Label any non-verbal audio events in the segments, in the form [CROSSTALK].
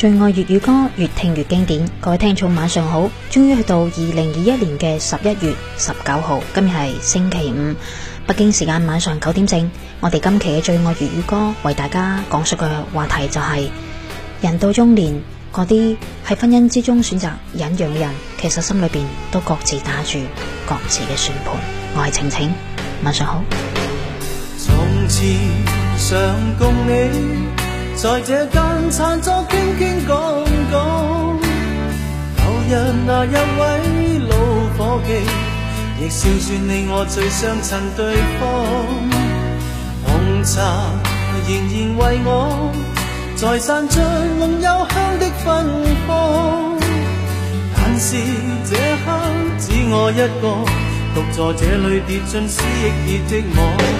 醉愛粵語歌越聽越經典，各位聽眾晚上好，終於去到二零二一年嘅十一月十九號，今日係星期五，北京時間晚上九點整。我哋今期嘅醉愛粵語歌為大家講述嘅話題就係人到中年，嗰啲喺婚姻之中選擇忍讓嘅人，其實心裏邊都各自打住各自嘅算盤。我係晴晴，晚上好。從前常共你。在這間餐桌傾傾講講，舊日那一位老伙計，亦笑説你我最相襯對方。紅茶仍然為我，在散著濃幽香的芬芳，但是這刻只我一個，獨坐這裏跌進思憶跌積我。亦亦亦亦亦亦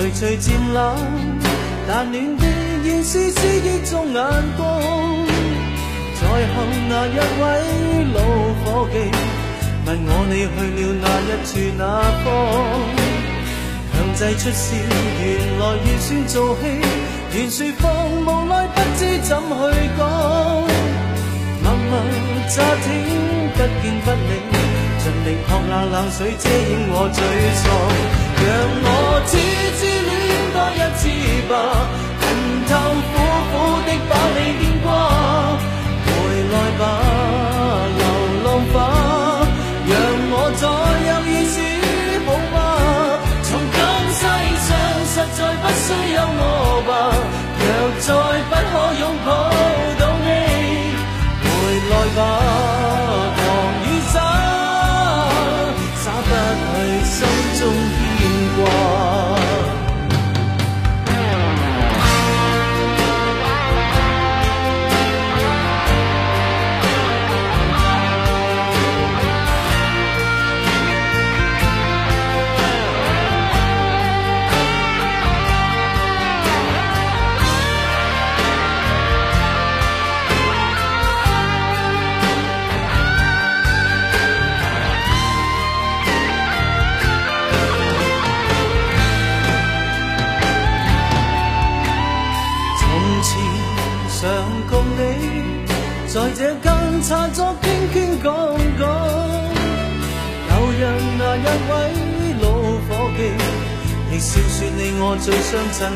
徐徐漸冷，但暖的仍是思憶中眼光。在後那一位老伙計問我你去了那一處那方，強制出笑，原來愈算做戲，愈説謊，無奈不知怎去講。默默乍聽不見不理，盡力學冷冷冷水遮掩我沮喪。讓我癡癡戀多一次吧，痛透苦苦的把你牽掛，回來吧，流浪，浪吧，讓我再有意思好嗎？從今世上，實在不需有我吧。若再不可擁抱到你，回來吧。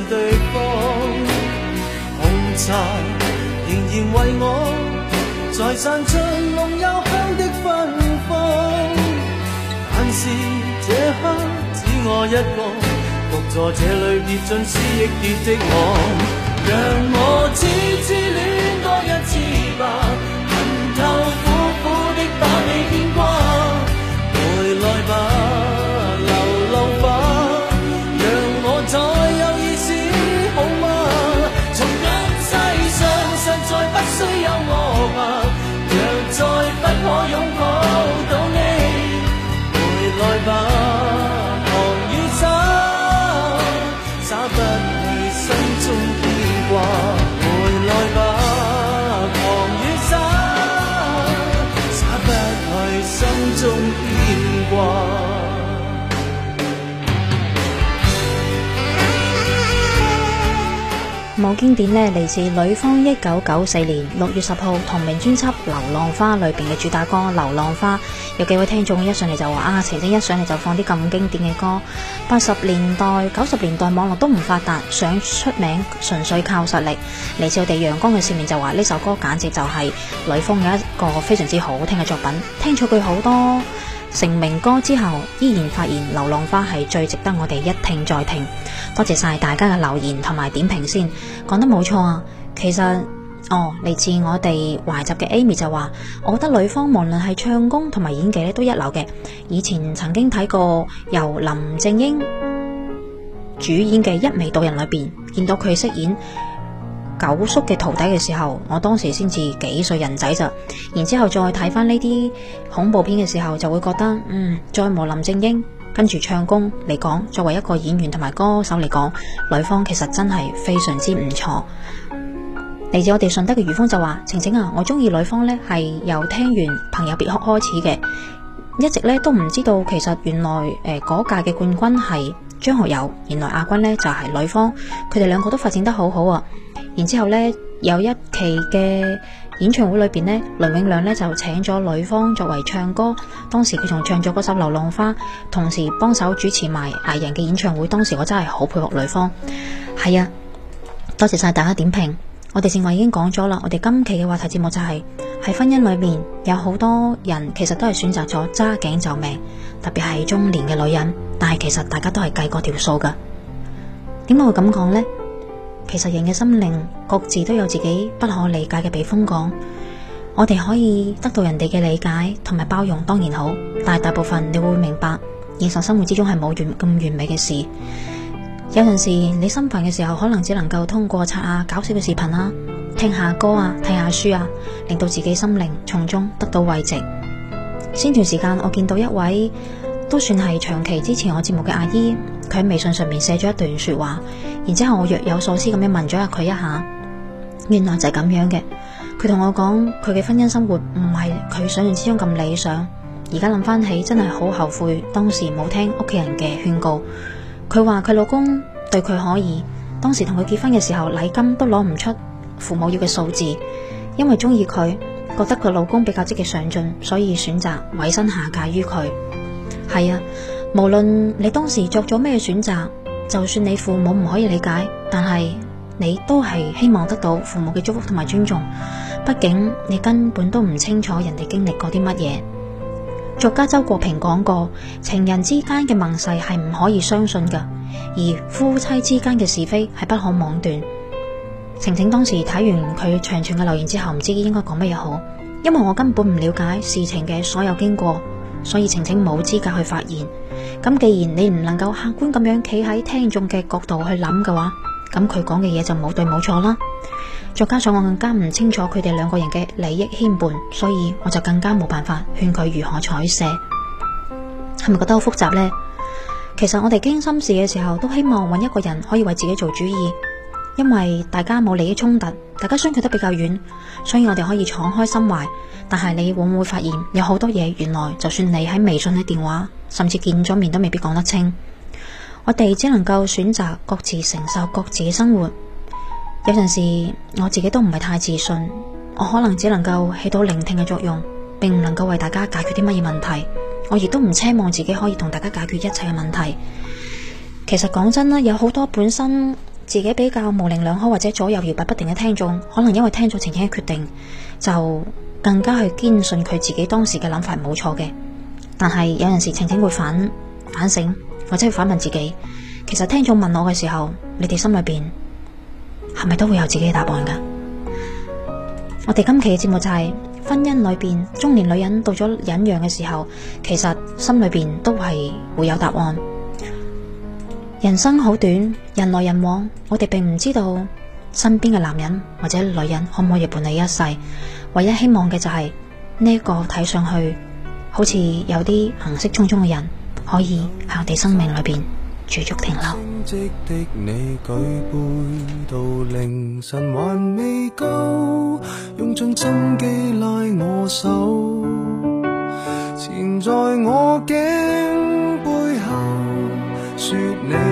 對方，紅茶仍然為我，再散出濃幽香的芬芳。但是這刻只我一個，獨坐這裏別盡思憶結的網，讓我痴痴戀多一次吧。冇經典呢，嚟自呂方一九九四年六月十號同名專輯《流浪花》裏邊嘅主打歌《流浪花》。有幾位聽眾一上嚟就話啊，晴晴一上嚟就放啲咁經典嘅歌。八十年代、九十年代網絡都唔發達，想出名純粹靠實力。嚟自我哋陽光嘅市面就話呢首歌簡直就係呂方嘅一個非常之好聽嘅作品，聽咗佢好多。成名歌之後，依然發現《流浪花》係最值得我哋一聽再聽。多謝晒大家嘅留言同埋點評先，講得冇錯啊！其實，哦，嚟自我哋懷集嘅 Amy 就話，我覺得女方無論係唱功同埋演技咧都一流嘅。以前曾經睇過由林正英主演嘅《一眉道人》裏邊，見到佢飾演，九叔嘅徒弟嘅時候，我當時先至幾歲人仔咋。然之後再睇翻呢啲恐怖片嘅時候，就會覺得嗯，再冇林正英。跟住唱功嚟講，作為一個演員同埋歌手嚟講，女方其實真係非常之唔錯。嚟自我哋順德嘅余峰就話：晴晴啊，我中意女方呢，係由聽完《朋友別哭》開始嘅，一直呢都唔知道，其實原來誒嗰屆嘅冠軍係張學友，原來亞軍呢就係女方，佢哋兩個都發展得好好啊。然之後咧，有一期嘅演唱會裏邊咧，雷永亮咧就請咗女方作為唱歌。當時佢仲唱咗首《流浪花》，同時幫手主持埋藝人嘅演唱會。當時我真係好佩服女方。係啊，多謝晒大家點評。我哋正話已經講咗啦。我哋今期嘅話題節目就係、是、喺婚姻裏面，有好多人其實都係選擇咗揸頸就命，特別係中年嘅女人。但係其實大家都係計過條數噶。點解會咁講呢？其實人嘅心靈各自都有自己不可理解嘅避風港。我哋可以得到人哋嘅理解同埋包容當然好，但係大部分你會明白，現實生，生活之中係冇完咁完美嘅事。有陣時你心煩嘅時候，可能只能夠通過刷下搞笑嘅視頻啦，聽下歌啊，睇下書啊，令到自己心靈從中得到慰藉。先段時間我見到一位都算係長期支持我節目嘅阿姨，佢喺微信上面寫咗一段說話。然之後我若有所思咁樣問咗下佢一下，原來就係咁樣嘅。佢同我講佢嘅婚姻生活唔係佢想象之中咁理想。而家諗翻起真係好後悔當時冇聽屋企人嘅勸告。佢話佢老公對佢可以，當時同佢結婚嘅時候禮金都攞唔出父母要嘅數字，因為中意佢，覺得佢老公比較積極上進，所以選擇委身下嫁於佢。係啊，無論你當時作咗咩選擇。就算你父母唔可以理解，但係你都係希望得到父母嘅祝福同埋尊重。畢竟你根本都唔清楚人哋經歷過啲乜嘢。作家周國平講過，情人之間嘅盟誓係唔可以相信噶，而夫妻之間嘅是非係不可妄斷。晴晴當時睇完佢長串嘅留言之後，唔知應該講乜嘢好，因為我根本唔了解事情嘅所有經過，所以晴晴冇資格去發言。咁既然你唔能夠客觀咁樣企喺聽眾嘅角度去諗嘅話，咁佢講嘅嘢，就冇對冇錯啦。再加上我更加唔清楚佢哋兩個人嘅利益牽絆，所以我就更加冇辦法勸佢如何取捨。係咪覺得好複雜呢？其實我哋傾心事嘅時候，都希望揾一個人可以為自己做主意。因為大家冇利益衝突，大家相距得比較遠，所以我哋可以敞開心懷。但係你會唔會發現有好多嘢，原來就算你喺微信、喺電話，甚至見咗面都未必講得清。我哋只能夠選擇各自承受各自嘅生活。有陣時我自己都唔係太自信，我可能只能夠起到聆聽嘅作用，並唔能夠為大家解決啲乜嘢問題。我亦都唔奢望自己可以同大家解決一切嘅問題。其實講真啦，有好多本身。自己比較模棱兩可或者左右搖擺不定嘅聽眾，可能因為聽咗晴晴嘅決定，就更加去堅信佢自己當時嘅諗法係冇錯嘅。但係有陣時晴晴會反反省，或者去反問自己，其實聽眾問我嘅時候，你哋心裏邊係咪都會有自己嘅答案噶？我哋今期嘅節目就係、是、婚姻裏邊中年女人到咗隱讓嘅時候，其實心裏邊都係會有答案。人生好短，人來人往，我哋並唔知道身邊嘅男人或者女人可唔可以伴你一世。唯一希望嘅就係呢一個睇上去好似有啲行色匆匆嘅人，可以喺我哋生命裏邊駐足停留。 [NOISE] 嗯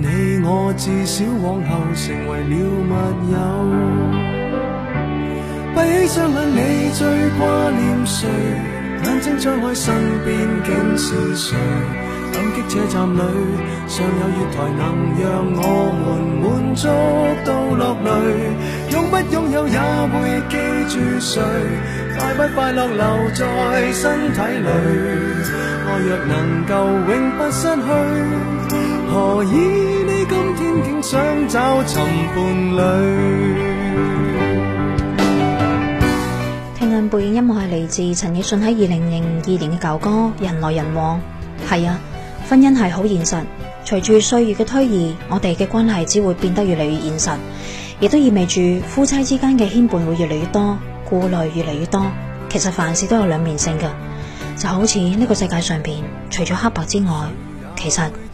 你我至少往後成為了密友，閉起雙眼你最掛念誰？眼睛張開身邊竟是誰？感激車站裡尚有月台能讓我們滿足到落淚。擁不擁有也會記住誰？快不快樂留在身體裡？愛若能夠永不失去。何以你今天竟想找尋伴侶。聽下背景音樂係嚟自陳奕迅喺二零零二年嘅舊歌《人來人往》。係啊，婚姻係好現實。隨住歲月嘅推移，我哋嘅關係只會變得越嚟越現實，亦都意味住夫妻之間嘅牽絆會越嚟越多，顧慮越嚟越多。其實凡事都有兩面性噶，就好似呢個世界上邊除咗黑白之外，其實。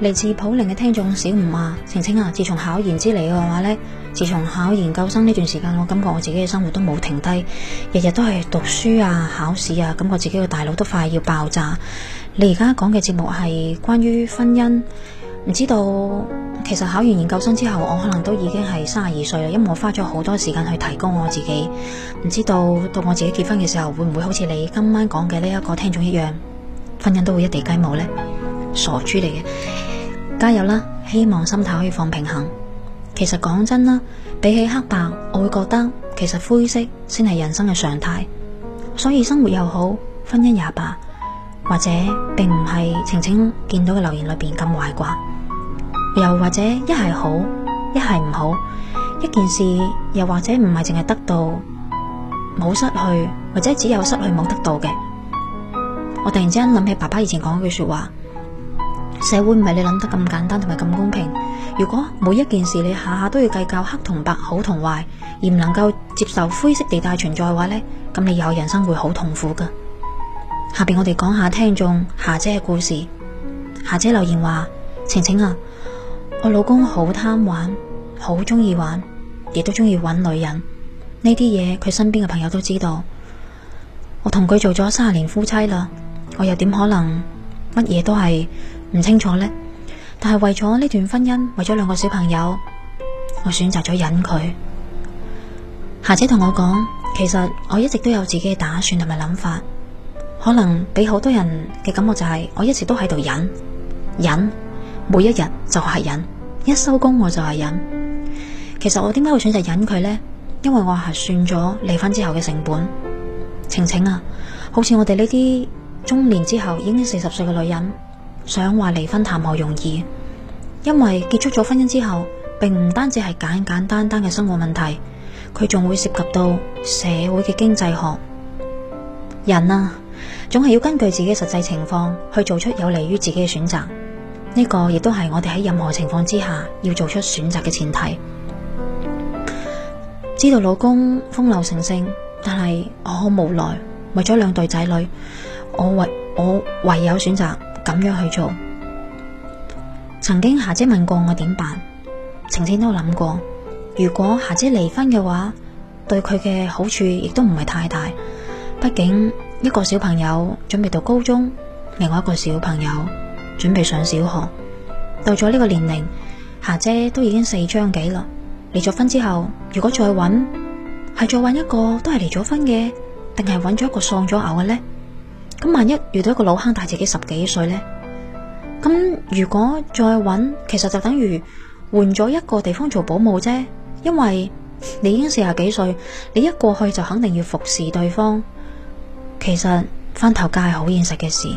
來自普寧嘅聽眾小吳啊，晴晴啊，自從考研之嚟嘅話呢，自從考研究生呢段時間，我感覺我自己嘅生活都冇停低，日日都係讀書啊、考試啊，感覺自己嘅大腦都快要爆炸。你而家講嘅節目係關於婚姻，唔知道。其實考完研究生之後，我可能都已經係三十二歲啦，因為我花咗好多時間去提高我自己。唔知道到我自己結婚嘅時候，會唔會好似你今晚講嘅呢一個聽眾一樣，婚姻都會一地雞毛呢？傻豬嚟嘅，加油啦！希望心態可以放平衡。其實講真啦，比起黑白，我會覺得其實灰色先係人生嘅常態。所以生活又好，婚姻也罷，或者並唔係晴晴見到嘅留言裏邊咁壞啩。又或者一係好，一係唔好，一件事又或者唔係淨係得到冇失去，或者只有失去冇得到嘅。我突然之間諗起爸爸以前講句說話，社會唔係你諗得咁簡單同埋咁公平。如果每一件事你下下都要計較黑同白、好同壞，而唔能夠接受灰色地帶存在嘅話呢，咁你以後人生會好痛苦噶。下邊我哋講下聽眾霞姐嘅故事。霞姐留言話：晴晴啊。我老公好貪玩，好中意玩，亦都中意揾女人。呢啲嘢佢身邊嘅朋友都知道。我同佢做咗三十年夫妻啦，我又點可能乜嘢都係唔清楚呢。但係為咗呢段婚姻，為咗兩個小朋友，我選擇咗忍佢。霞姐同我講，其實我一直都有自己嘅打算同埋諗法，可能俾好多人嘅感覺就係，我一直都喺度忍忍，每一日就係忍。一收工我就係忍，其實我點解會選擇忍佢呢？因為我核算咗離婚之後嘅成本。晴晴啊，好似我哋呢啲中年之後已經四十歲嘅女人，想話離婚談何容易？因為結束咗婚姻之後，並唔單止係簡簡單單嘅生活問題，佢仲會涉及到社會嘅經濟學。人啊，總係要根據自己嘅實際情況去做出有利於自己嘅選擇。呢個亦都係我哋喺任何情況之下要做出選擇嘅前提。知道老公風流成性，但係我好無奈，為咗兩對仔女，我唯我唯有選擇咁樣去做。曾經霞姐問過我點辦，晴天都諗過，如果霞姐離婚嘅話，對佢嘅好處亦都唔係太大。畢竟一個小朋友準備讀高中，另外一個小朋友。準備上小學到咗呢個年齡，霞姐都已經四張幾啦。離咗婚之後，如果再揾，係再揾一個都係離咗婚嘅，定係揾咗一個喪咗偶嘅呢？咁萬一遇到一個老坑大自己十幾歲呢？咁如果再揾，其實就等於換咗一個地方做保姆啫。因為你已經四廿幾歲，你一過去就肯定要服侍對方。其實翻頭嫁係好現實嘅事，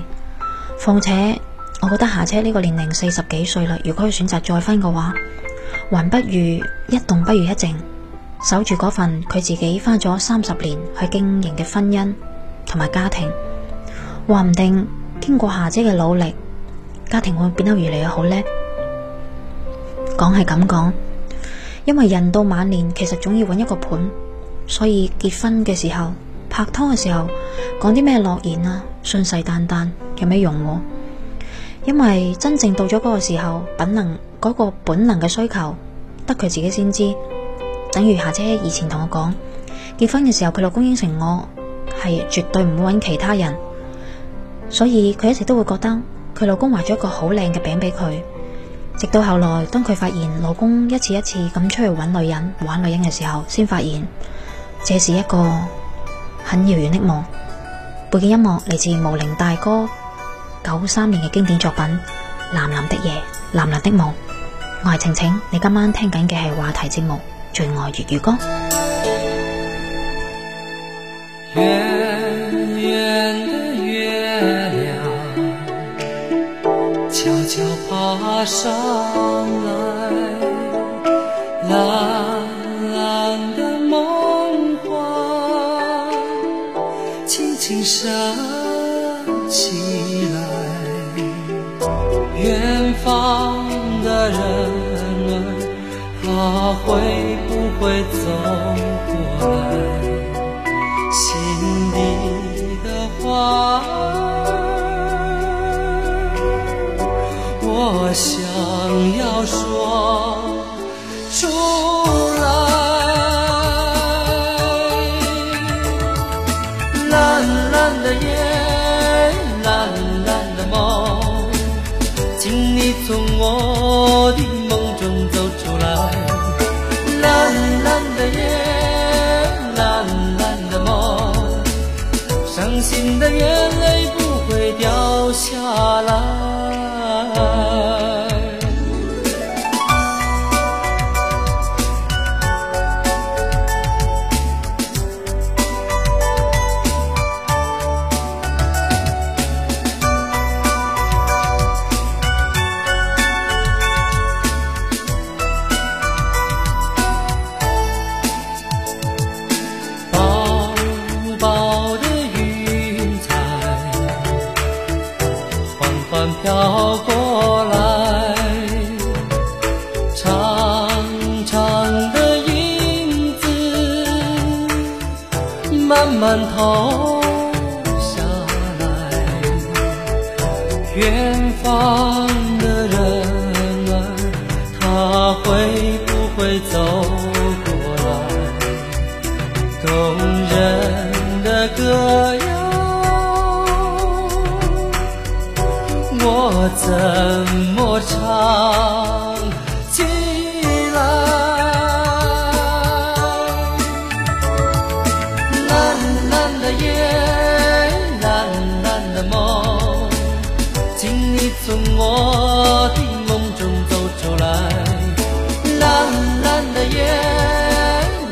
況且。我覺得霞姐呢個年齡四十幾歲啦，如果佢選擇再婚嘅話，還不如一動不如一靜，守住嗰份佢自己花咗三十年去經營嘅婚姻同埋家庭。話唔定經過霞姐嘅努力，家庭會變得越嚟越好呢？講係咁講，因為人到晚年其實總要揾一個伴，所以結婚嘅時候，拍拖嘅時候講啲咩諾言啊，信誓旦旦有咩用啊？因為真正到咗嗰個時候，本能嗰、嗰個本能嘅需求，得佢自己先知。等如霞姐以前同我講，結婚嘅時候佢老公應承我係絕對唔會揾其他人，所以佢一直都會覺得佢老公畫咗一個好靚嘅餅俾佢。直到後來，當佢發現老公一次一次咁出去揾女人、玩女人嘅時候，先發現這是一個很遙遠的夢。背景音樂嚟自無零大哥。九三年嘅經典作品《藍藍的夜，藍藍的夢》，我係晴晴，你今晚聽緊嘅係話題節目《醉愛粵語歌》。遠遠會不會走過來？心裏的話。藍藍的夜，藍藍的夢，請你從我的夢中走出來。藍藍的夜，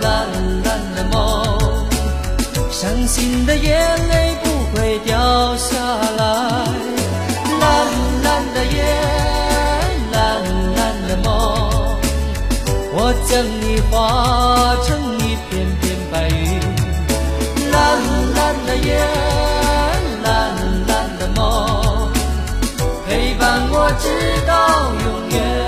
藍藍的夢，傷心的眼淚不會掉下來。藍藍的夜，藍藍的夢，我將你化成。藍藍的夢，陪伴我直到永遠。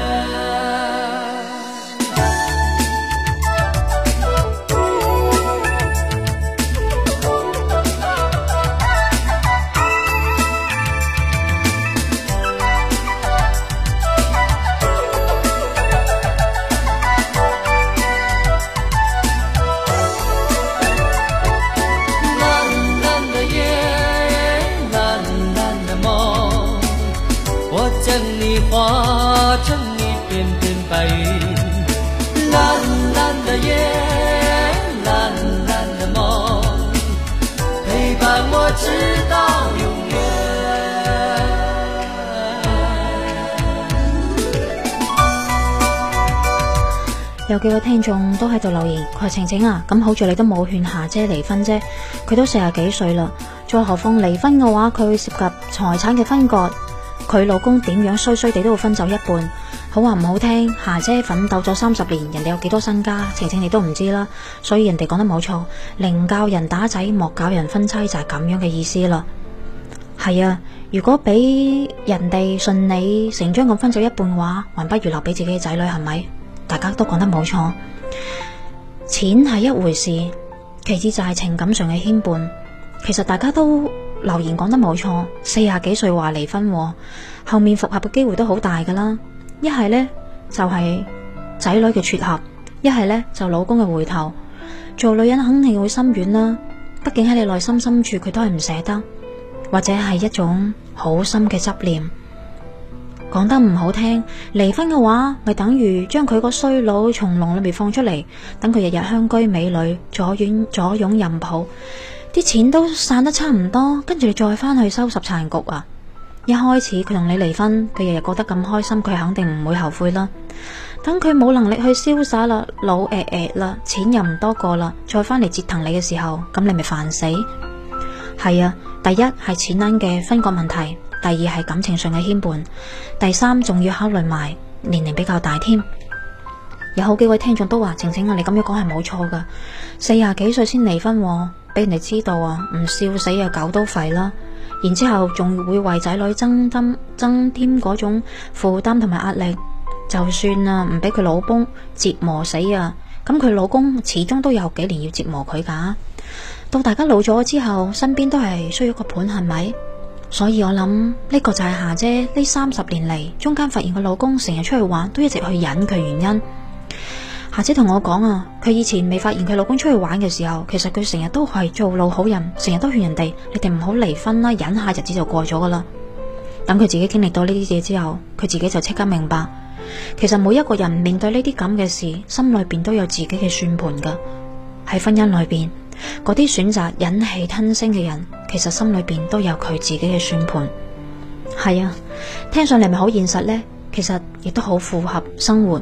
有幾個聽眾都喺度留言，佢話晴晴啊，咁好在你都冇勸霞姐離婚啫，佢都四啊幾歲啦，再何況離婚嘅話，佢會涉及財產嘅分割，佢老公點樣衰衰地都要分走一半。好話唔好聽，霞姐奮鬥咗三十年，人哋有幾多身家，晴晴你都唔知啦，所以人哋講得冇錯，寧教人打仔，莫教人分妻，就係咁樣嘅意思啦。係啊，如果俾人哋順理成章咁分走一半嘅話，還不如留俾自己嘅仔女，係咪？大家都講得冇錯，錢係一回事，其次就係情感上嘅牽絆。其實大家都留言講得冇錯，四廿幾歲話離婚，後面復合嘅機會都好大㗎啦。一係呢，就係仔女嘅撮合，一係呢，就老公嘅回頭。做女人肯定會心軟啦，畢竟喺你內心深處佢都係唔捨得，或者係一種好深嘅執念。講得唔好聽，離婚嘅話，咪等於將佢個衰佬從籠裏面放出嚟，等佢日日香居美女，左擁左擁右抱，啲錢都散得差唔多，跟住你再返去收拾殘局啊！一開始佢同你離婚，佢日日過得咁開心，佢肯定唔會後悔啦。等佢冇能力去瀟灑啦，老誒誒啦，錢又唔多過啦，再返嚟折騰你嘅時候，咁你咪煩死。係啊，第一係錢銀嘅分割問題。.第二係感情上嘅牽絆，第三仲要考慮埋年齡比較大添。有好幾位聽眾都話：晴晴啊，你咁樣講係冇錯噶。四廿幾歲先離婚，啊，俾人哋知道啊，唔笑死啊，狗都吠啦。然之後仲會為仔女增增，增添嗰種負擔同埋壓力。就算啊，唔俾佢老公折磨死啊，咁佢老公始終都有幾年要折磨佢噶、啊。到大家老咗之後，身邊都係需要個伴，係咪？所以我諗呢個就係霞姐呢三十年嚟中間發現佢老公成日出去玩都一直去忍佢原因。霞姐同我講啊，佢以前未發現佢老公出去玩嘅時候，其實佢成日都係做老好人，成日都勸人哋，你哋唔好離婚啦，忍下日子就過咗噶啦。等佢自己經歷到呢啲嘢之後，佢自己就即刻明白，其實每一個人面對呢啲咁嘅事，心裏邊都有自己嘅算盤噶，喺婚姻裏邊。嗰啲選擇忍氣吞聲嘅人，其實心裏邊都有佢自己嘅算盤。係啊，聽上嚟咪好現實呢？其實亦都好符合生活。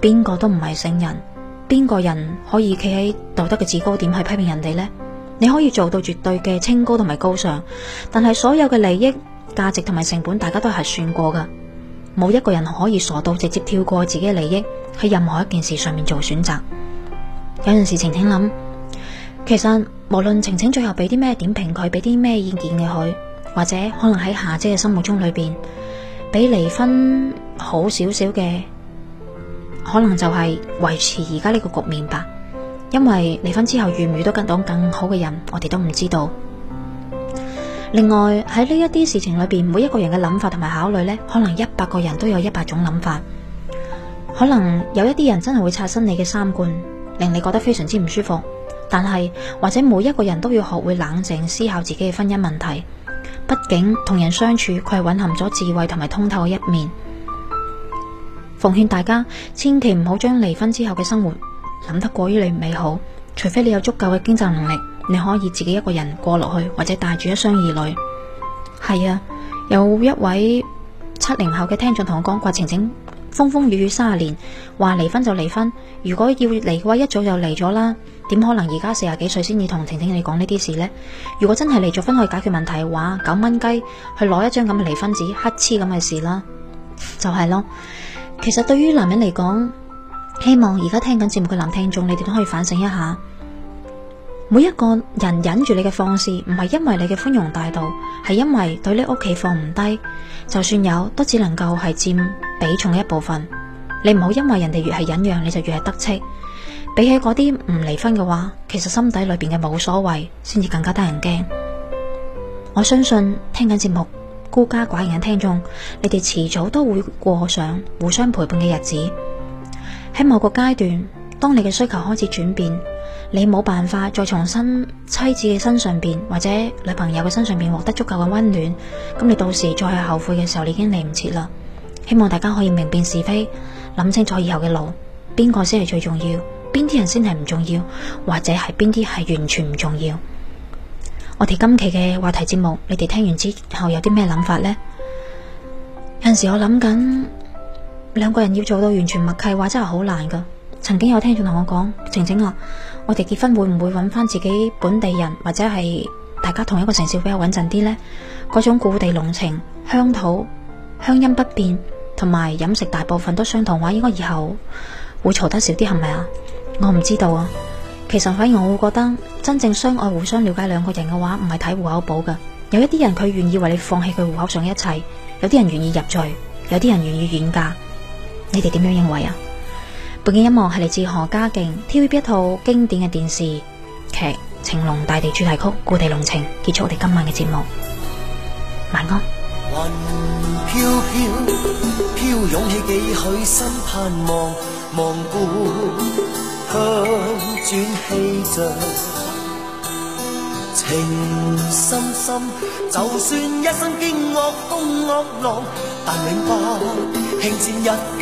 邊個都唔係聖人，邊個人可以企喺道德嘅至高點去批評人哋呢？你可以做到絕對嘅清高同埋高尚，但係所有嘅利益、價值同埋成本，大家都係算過噶。冇一個人可以傻到直接跳過自己嘅利益喺任何一件事上面做選擇。有陣時晴婷諗。其實無論晴晴最後俾啲咩點評，佢俾啲咩意見嘅佢，或者可能喺夏姐嘅心目中裏邊，比離婚好少少嘅，可能就係維持而家呢個局面吧。因為離婚之後遇唔遇到更到更好嘅人，我哋都唔知道。另外喺呢一啲事情裏邊，每一個人嘅諗法同埋考慮呢，可能一百個人都有一百種諗法，可能有一啲人真係會刷新你嘅三觀，令你覺得非常之唔舒服。但係，或者每一個人都要學會冷靜思考自己嘅婚姻問題。畢竟同人相處，佢係蘊含咗智慧同埋通透嘅一面。奉勸大家，千祈唔好將離婚之後嘅生活諗得過於你美好，除非你有足夠嘅經濟能力，你可以自己一個人過落去，或者帶住一雙兒女。係啊，有一位七零後嘅聽眾同我講過，晴晴。風風雨雨三十年，話離婚就離婚。如果要離嘅話，一早就離咗啦。點可能而家四十幾歲先至同婷婷你講呢啲事呢？如果真係離咗婚去解決問題嘅話，九蚊雞去攞一張咁嘅離婚紙，黑痴咁嘅事啦，就係咯。其實對於男人嚟講，希望而家聽緊節目嘅男聽眾，你哋都可以反省一下。每一個人忍住你嘅放肆，唔係因為你嘅寬容大度，係因為對你屋企放唔低。就算有，都只能夠係佔比重嘅一部分。你唔好因為人哋越係忍讓，你就越係得戚。比起嗰啲唔離婚嘅話，其實心底裏邊嘅冇所謂，先至更加得人驚。我相信聽緊節目孤家寡人嘅聽眾，你哋遲早都會過上互相陪伴嘅日子。喺某個階段，當你嘅需求開始轉變。你冇辦法再重新妻子嘅身上邊或者女朋友嘅身上邊獲得足夠嘅溫暖，咁你到時再去後悔嘅時候，你已經嚟唔切啦。希望大家可以明辨是非，諗清楚以後嘅路，邊個先係最重要，邊啲人先係唔重要，或者係邊啲係完全唔重要。我哋今期嘅話題節目，你哋聽完之後有啲咩諗法呢？有陣時我諗緊兩個人要做到完全默契，話真係好難噶。曾經有聽眾同我講：晴晴啊！我哋結婚會唔會揾翻自己本地人，或者係大家同一個城市比較穩陣啲呢？嗰種故地濃情、鄉土鄉音不變，同埋飲食大部分都相同嘅話，應該以後會嘈得少啲，係咪啊？我唔知道啊。其實反而我會覺得，真正相愛、互相了解兩個人嘅話，唔係睇戶口簿嘅。有一啲人佢願意為你放棄佢戶口上一切，有啲人願意入贅，有啲人願意遠嫁。你哋點樣認為啊？背景音樂係嚟自何家勁 TVB 一套經典嘅電視劇《情濃大地》主題曲《故地濃情》，結束我哋今晚嘅節目，晚安。雲飄飄飄湧起幾許心盼望，望向轉氣象。情深深，就算一生經惡風惡浪，但永不輕戰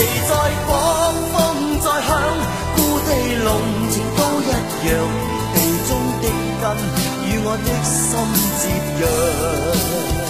旗在晃，風在響，故地濃情都一樣，地中的根，與我的心接壤。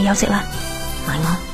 你休息啦，晚安。